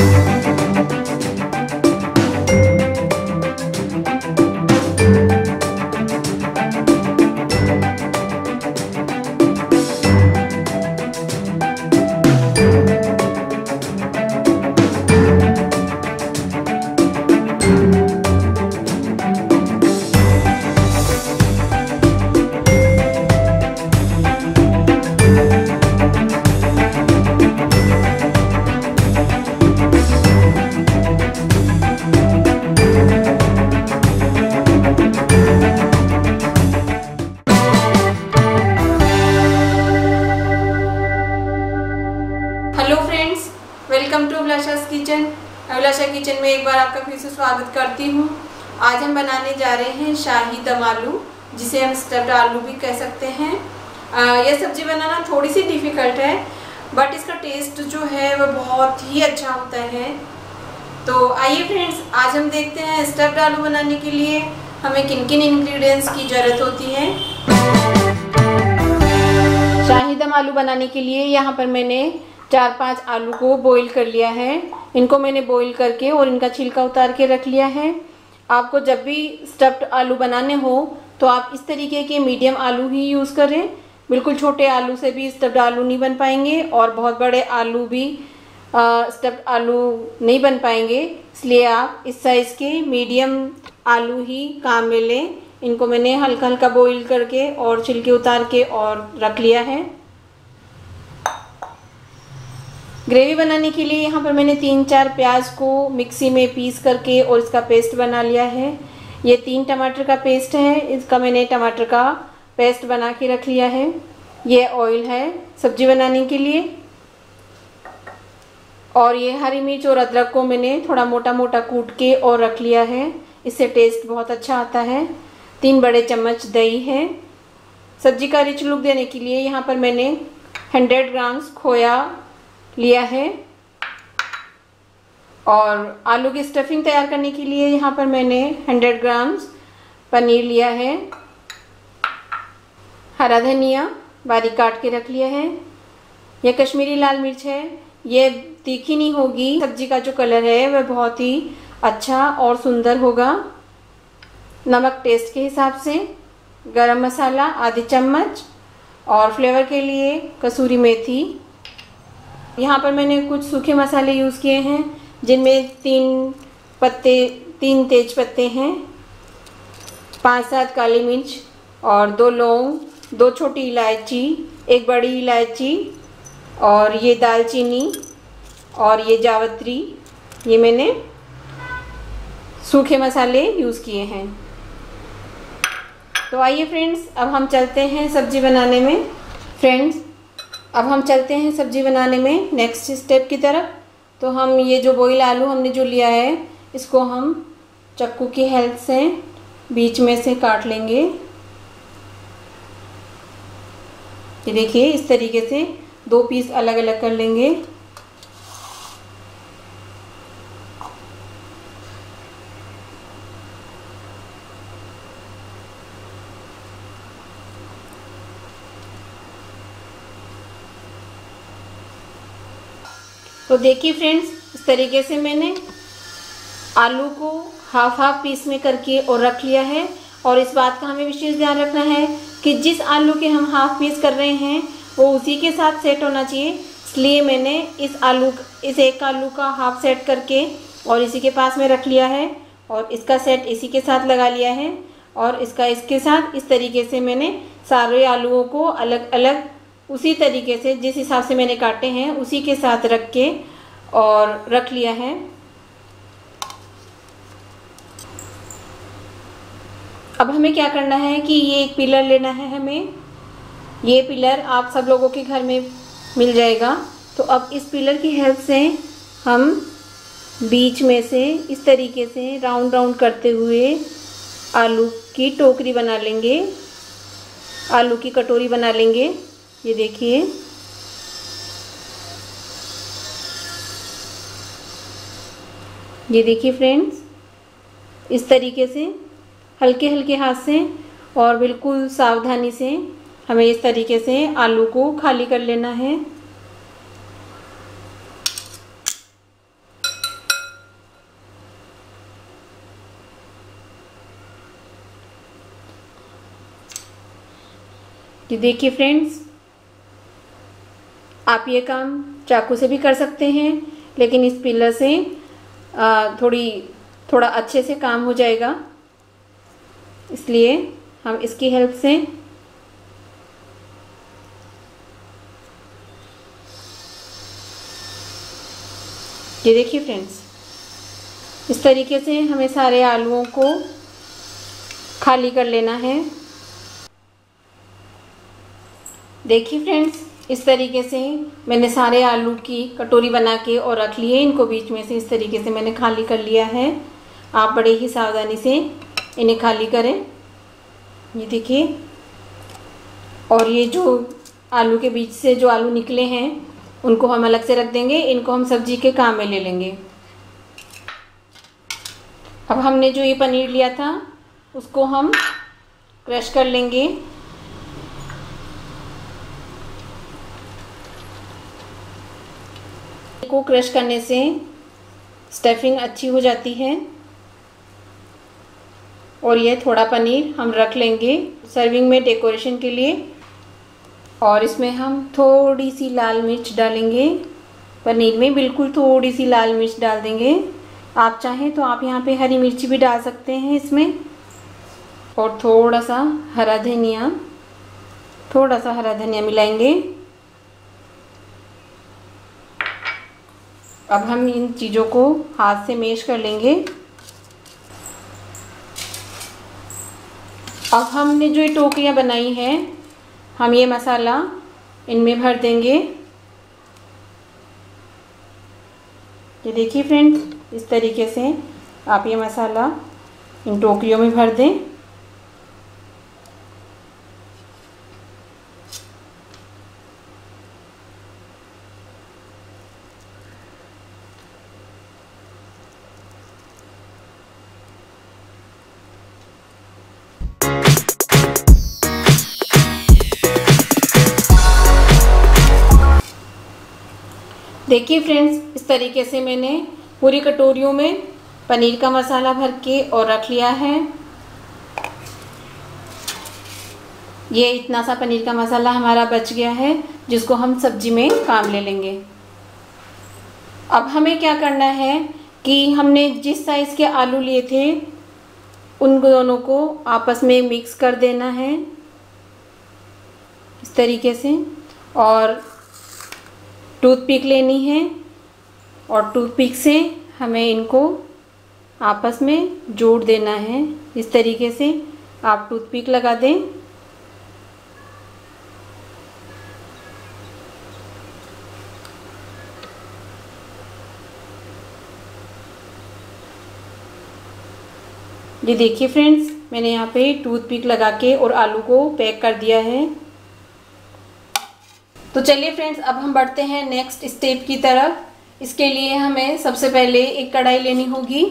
Thank you. स्वागत करती हूँ आज हम बनाने जा रहे हैं शाही दम आलू जिसे हम स्टफ्ड आलू भी कह सकते हैं यह सब्ज़ी बनाना थोड़ी सी डिफ़िकल्ट है बट इसका टेस्ट जो है वह बहुत ही अच्छा होता है तो आइए फ्रेंड्स आज हम देखते हैं स्टफ्ड आलू बनाने के लिए हमें किन किन इन्ग्रीडियंट्स की ज़रूरत होती है शाही दम आलू बनाने के लिए यहाँ पर मैंने चार पांच आलू को बॉईल कर लिया है इनको मैंने बॉईल करके और इनका छिलका उतार के रख लिया है आपको जब भी स्टफ्ड आलू बनाने हो तो आप इस तरीके के मीडियम आलू ही यूज़ करें बिल्कुल छोटे आलू से भी स्टफ्ड आलू नहीं बन पाएंगे और बहुत बड़े आलू भी स्टफ्ड आलू नहीं बन पाएंगे इसलिए आप इस साइज़ के मीडियम आलू ही काम में लें इनको मैंने हल्का हल्का बॉईल करके और छिलके उतार के और रख लिया है ग्रेवी बनाने के लिए यहाँ पर मैंने तीन चार प्याज को मिक्सी में पीस करके और इसका पेस्ट बना लिया है ये तीन टमाटर का पेस्ट है इसका मैंने टमाटर का पेस्ट बना के रख लिया है ये ऑयल है सब्जी बनाने के लिए और ये हरी मिर्च और अदरक को मैंने थोड़ा मोटा मोटा कूट के और रख लिया है इससे टेस्ट बहुत अच्छा आता है तीन बड़े चम्मच दही है सब्जी का रिच लुक देने के लिए यहाँ पर मैंने 100 ग्राम्स खोया लिया है और आलू की स्टफिंग तैयार करने के लिए यहाँ पर मैंने 100 ग्राम्स पनीर लिया है हरा धनिया बारीक काट के रख लिया है यह कश्मीरी लाल मिर्च है ये तीखी नहीं होगी सब्जी का जो कलर है वह बहुत ही अच्छा और सुंदर होगा नमक टेस्ट के हिसाब से गरम मसाला आधी चम्मच और फ्लेवर के लिए कसूरी मेथी यहाँ पर मैंने कुछ सूखे मसाले यूज़ किए हैं जिनमें तीन पत्ते तीन तेज पत्ते हैं पांच सात काली मिर्च और दो लौंग दो छोटी इलायची एक बड़ी इलायची और ये दालचीनी और ये जावत्री ये मैंने सूखे मसाले यूज़ किए हैं तो आइए फ्रेंड्स अब हम चलते हैं सब्ज़ी बनाने में फ्रेंड्स अब हम चलते हैं सब्जी बनाने में नेक्स्ट स्टेप की तरफ तो हम ये जो बॉयल आलू हमने जो लिया है इसको हम चक्कू की हेल्प से बीच में से काट लेंगे ये देखिए इस तरीके से दो पीस अलग अलग कर लेंगे तो देखिए फ्रेंड्स इस तरीके से मैंने आलू को हाफ हाफ पीस में करके और रख लिया है और इस बात का हमें विशेष ध्यान रखना है कि जिस आलू के हम हाफ पीस कर रहे हैं वो उसी के साथ सेट होना चाहिए इसलिए मैंने इस आलू इस एक आलू का हाफ सेट करके और इसी के पास में रख लिया है और इसका सेट इसी के साथ लगा लिया है और इसका इसके साथ इस तरीके से मैंने सारे आलूओं को अलग अलग उसी तरीके से जिस हिसाब से मैंने काटे हैं उसी के साथ रख के और रख लिया है अब हमें क्या करना है कि ये एक पिलर लेना है हमें ये पिलर आप सब लोगों के घर में मिल जाएगा तो अब इस पिलर की हेल्प से हम बीच में से इस तरीके से राउंड राउंड करते हुए आलू की टोकरी बना लेंगे आलू की कटोरी बना लेंगे ये देखिए ये देखिए फ्रेंड्स इस तरीके से हल्के हल्के हाथ से और बिल्कुल सावधानी से हमें इस तरीके से आलू को खाली कर लेना है ये देखिए फ्रेंड्स आप ये काम चाकू से भी कर सकते हैं लेकिन इस पिलर से थोड़ी थोड़ा अच्छे से काम हो जाएगा इसलिए हम इसकी हेल्प से ये देखिए फ्रेंड्स इस तरीके से हमें सारे आलूओं को खाली कर लेना है देखिए फ्रेंड्स इस तरीके से मैंने सारे आलू की कटोरी बना के और रख लिए इनको बीच में से इस तरीके से मैंने खाली कर लिया है आप बड़े ही सावधानी से इन्हें खाली करें ये देखिए और ये जो आलू के बीच से जो आलू निकले हैं उनको हम अलग से रख देंगे इनको हम सब्जी के काम में ले लेंगे अब हमने जो ये पनीर लिया था उसको हम क्रश कर लेंगे को क्रश करने से स्टफिंग अच्छी हो जाती है और यह थोड़ा पनीर हम रख लेंगे सर्विंग में डेकोरेशन के लिए और इसमें हम थोड़ी सी लाल मिर्च डालेंगे पनीर में बिल्कुल थोड़ी सी लाल मिर्च डाल देंगे आप चाहें तो आप यहाँ पे हरी मिर्ची भी डाल सकते हैं इसमें और थोड़ा सा हरा धनिया थोड़ा सा हरा धनिया मिलाएंगे अब हम इन चीज़ों को हाथ से मेश कर लेंगे अब हमने जो ये टोकरियाँ बनाई हैं हम ये मसाला इनमें भर देंगे ये देखिए फ्रेंड्स इस तरीके से आप ये मसाला इन टोकरियों में भर दें देखिए फ्रेंड्स इस तरीके से मैंने पूरी कटोरियों में पनीर का मसाला भर के और रख लिया है ये इतना सा पनीर का मसाला हमारा बच गया है जिसको हम सब्जी में काम ले लेंगे अब हमें क्या करना है कि हमने जिस साइज़ के आलू लिए थे उन दोनों को आपस में मिक्स कर देना है इस तरीके से और टूथपिक लेनी है और टूथपिक से हमें इनको आपस में जोड़ देना है इस तरीके से आप टूथपिक लगा दें ये देखिए फ्रेंड्स मैंने यहाँ पे टूथपिक लगा के और आलू को पैक कर दिया है तो चलिए फ्रेंड्स अब हम बढ़ते हैं नेक्स्ट स्टेप की तरफ इसके लिए हमें सबसे पहले एक कढ़ाई लेनी होगी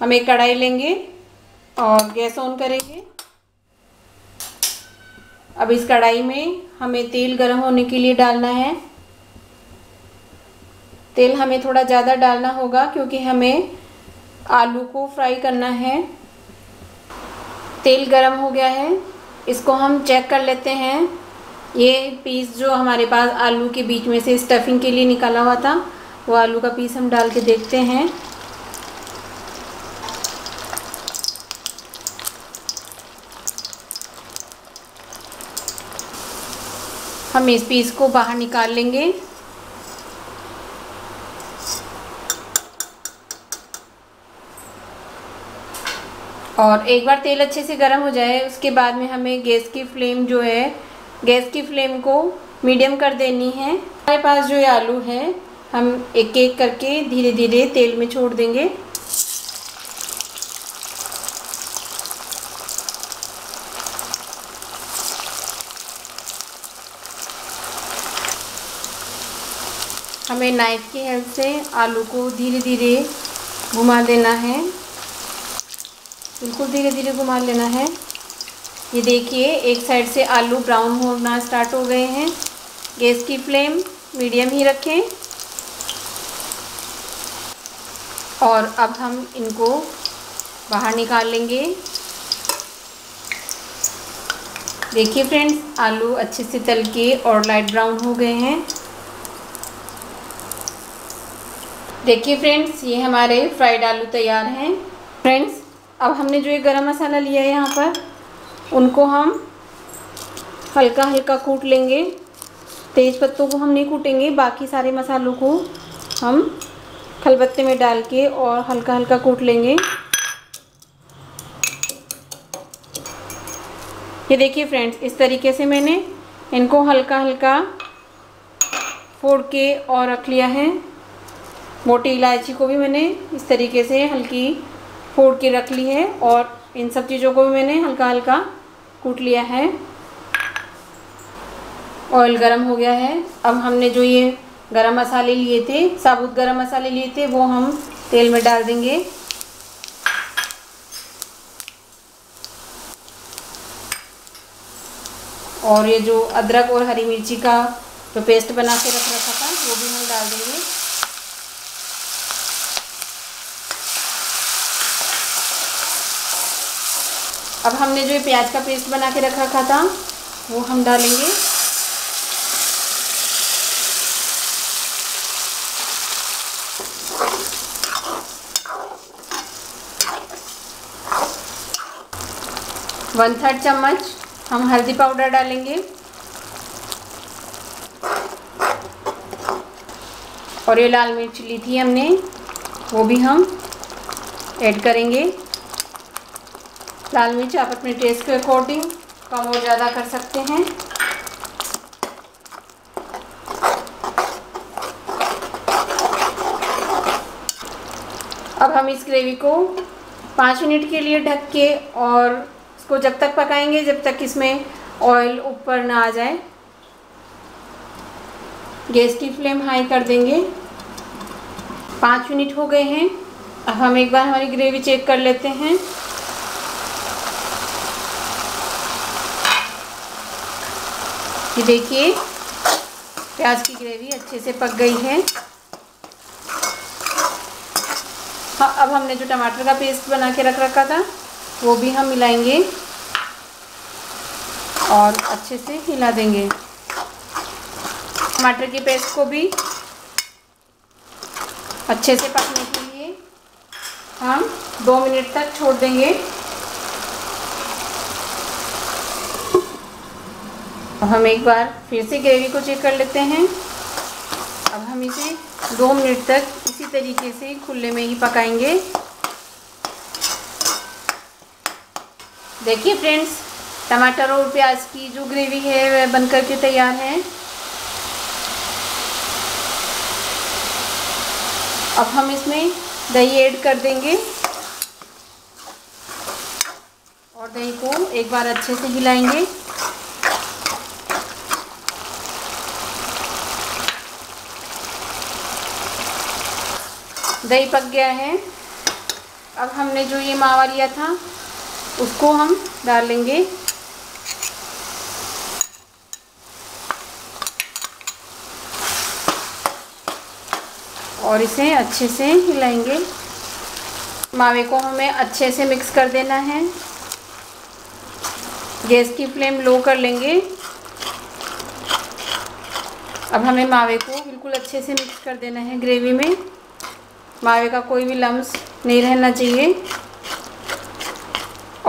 हम एक कढ़ाई लेंगे और गैस ऑन करेंगे अब इस कढ़ाई में हमें तेल गर्म होने के लिए डालना है तेल हमें थोड़ा ज़्यादा डालना होगा क्योंकि हमें आलू को फ्राई करना है तेल गर्म हो गया है इसको हम चेक कर लेते हैं ये पीस जो हमारे पास आलू के बीच में से स्टफिंग के लिए निकाला हुआ था वो आलू का पीस हम डाल के देखते हैं हम इस पीस को बाहर निकाल लेंगे और एक बार तेल अच्छे से गर्म हो जाए उसके बाद में हमें गैस की फ्लेम जो है गैस की फ्लेम को मीडियम कर देनी है हमारे पास जो ये आलू है हम एक एक करके धीरे धीरे तेल में छोड़ देंगे हमें नाइफ की हेल्प से आलू को धीरे धीरे घुमा देना है बिल्कुल धीरे धीरे घुमा लेना है ये देखिए एक साइड से आलू ब्राउन होना स्टार्ट हो गए हैं गैस की फ्लेम मीडियम ही रखें और अब हम इनको बाहर निकाल लेंगे देखिए फ्रेंड्स आलू अच्छे से तल के और लाइट ब्राउन हो गए हैं देखिए फ्रेंड्स ये हमारे फ्राइड आलू तैयार हैं फ्रेंड्स अब हमने जो ये गरम मसाला लिया है यहाँ पर उनको हम हल्का हल्का कूट लेंगे तेज पत्तों को हम नहीं कूटेंगे बाकी सारे मसालों को हम खलबत्ते में डाल के और हल्का हल्का कूट लेंगे ये देखिए फ्रेंड्स इस तरीके से मैंने इनको हल्का हल्का फोड़ के और रख लिया है मोटी इलायची को भी मैंने इस तरीके से हल्की फोड़ के रख ली है और इन सब चीज़ों को भी मैंने हल्का हल्का कूट लिया है ऑयल गरम हो गया है अब हमने जो ये गरम मसाले लिए थे साबुत गरम मसाले लिए थे वो हम तेल में डाल देंगे और ये जो अदरक और हरी मिर्ची का जो पेस्ट बना के रख रखा था वो भी हम डाल देंगे अब हमने जो प्याज का पेस्ट बना के रख रखा था वो हम डालेंगे वन थर्ड चम्मच हम हल्दी पाउडर डालेंगे और ये लाल मिर्च ली थी हमने वो भी हम ऐड करेंगे लाल मिर्च आप अपने टेस्ट के अकॉर्डिंग कम और ज़्यादा कर सकते हैं अब हम इस ग्रेवी को पाँच मिनट के लिए ढक के और इसको जब तक पकाएंगे जब तक इसमें ऑयल ऊपर ना आ जाए गैस की फ्लेम हाई कर देंगे पाँच मिनट हो गए हैं अब हम एक बार हमारी ग्रेवी चेक कर लेते हैं ये देखिए प्याज की ग्रेवी अच्छे से पक गई है हाँ अब हमने जो टमाटर का पेस्ट बना के रख रखा था वो भी हम मिलाएंगे और अच्छे से हिला देंगे टमाटर के पेस्ट को भी अच्छे से पकने के लिए हम दो मिनट तक छोड़ देंगे अब हम एक बार फिर से ग्रेवी को चेक कर लेते हैं अब हम इसे दो मिनट तक इसी तरीके से खुले में ही पकाएंगे देखिए फ्रेंड्स टमाटर और प्याज की जो ग्रेवी है वह बन करके तैयार है अब हम इसमें दही ऐड कर देंगे और दही को एक बार अच्छे से हिलाएंगे दही पक गया है अब हमने जो ये मावा लिया था उसको हम डाल लेंगे और इसे अच्छे से हिलाएंगे मावे को हमें अच्छे से मिक्स कर देना है गैस की फ्लेम लो कर लेंगे अब हमें मावे को बिल्कुल अच्छे से मिक्स कर देना है ग्रेवी में मावे का कोई भी लम्स नहीं रहना चाहिए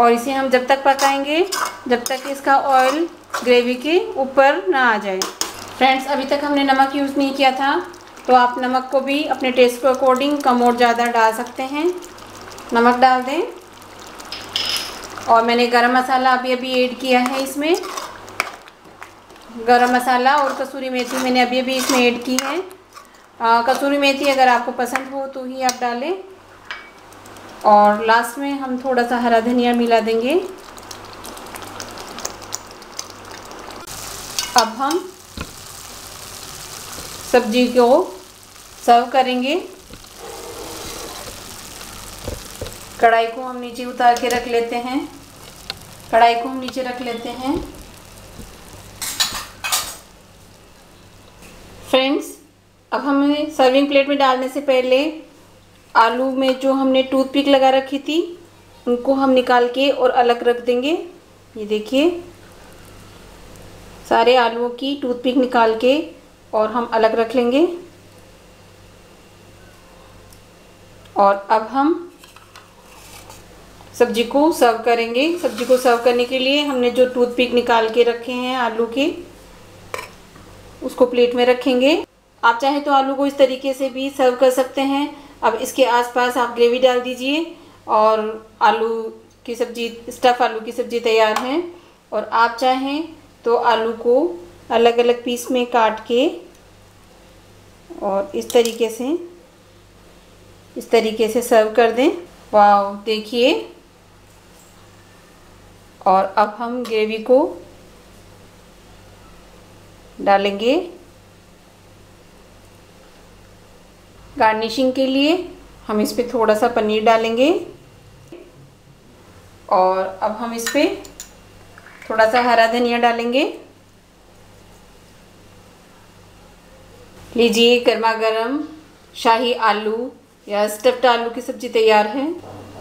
और इसे हम जब तक पकाएंगे जब तक इसका ऑयल ग्रेवी के ऊपर ना आ जाए फ्रेंड्स अभी तक हमने नमक यूज़ नहीं किया था तो आप नमक को भी अपने टेस्ट के अकॉर्डिंग कम और ज़्यादा डाल सकते हैं नमक डाल दें और मैंने गरम मसाला अभी अभी ऐड किया है इसमें गरम मसाला और कसूरी मेथी मैंने अभी अभी इसमें ऐड की है आ, कसूरी मेथी अगर आपको पसंद हो तो ही आप डालें और लास्ट में हम थोड़ा सा हरा धनिया मिला देंगे अब हम सब्जी को सर्व करेंगे कढ़ाई को हम नीचे उतार के रख लेते हैं कढ़ाई को हम नीचे रख लेते हैं फ्रेंड्स अब हमें सर्विंग प्लेट में डालने से पहले आलू में जो हमने टूथपिक लगा रखी थी उनको हम निकाल के और अलग रख देंगे ये देखिए सारे आलूओं की टूथपिक निकाल के और हम अलग रख लेंगे और अब हम सब्जी को सर्व करेंगे सब्जी को सर्व करने के लिए हमने जो टूथपिक निकाल के रखे हैं आलू के उसको प्लेट में रखेंगे आप चाहे तो आलू को इस तरीके से भी सर्व कर सकते हैं अब इसके आसपास आप ग्रेवी डाल दीजिए और आलू की सब्जी स्टफ़ आलू की सब्ज़ी तैयार है और आप चाहें तो आलू को अलग अलग पीस में काट के और इस तरीके से इस तरीके से सर्व कर दें वाह देखिए और अब हम ग्रेवी को डालेंगे गार्निशिंग के लिए हम इस पर थोड़ा सा पनीर डालेंगे और अब हम इस पर थोड़ा सा हरा धनिया डालेंगे लीजिए गर्मा गर्म शाही आलू या स्टफ्ड आलू की सब्जी तैयार है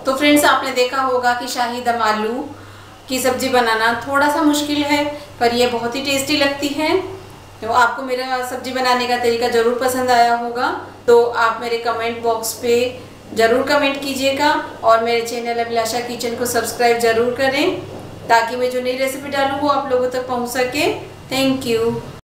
तो फ्रेंड्स आपने देखा होगा कि शाही दम आलू की सब्ज़ी बनाना थोड़ा सा मुश्किल है पर यह बहुत ही टेस्टी लगती है तो आपको मेरा सब्ज़ी बनाने का तरीका ज़रूर पसंद आया होगा तो आप मेरे कमेंट बॉक्स पे ज़रूर कमेंट कीजिएगा और मेरे चैनल अभिलाषा किचन को सब्सक्राइब ज़रूर करें ताकि मैं जो नई रेसिपी डालूँ वो आप लोगों तक पहुँच सके थैंक यू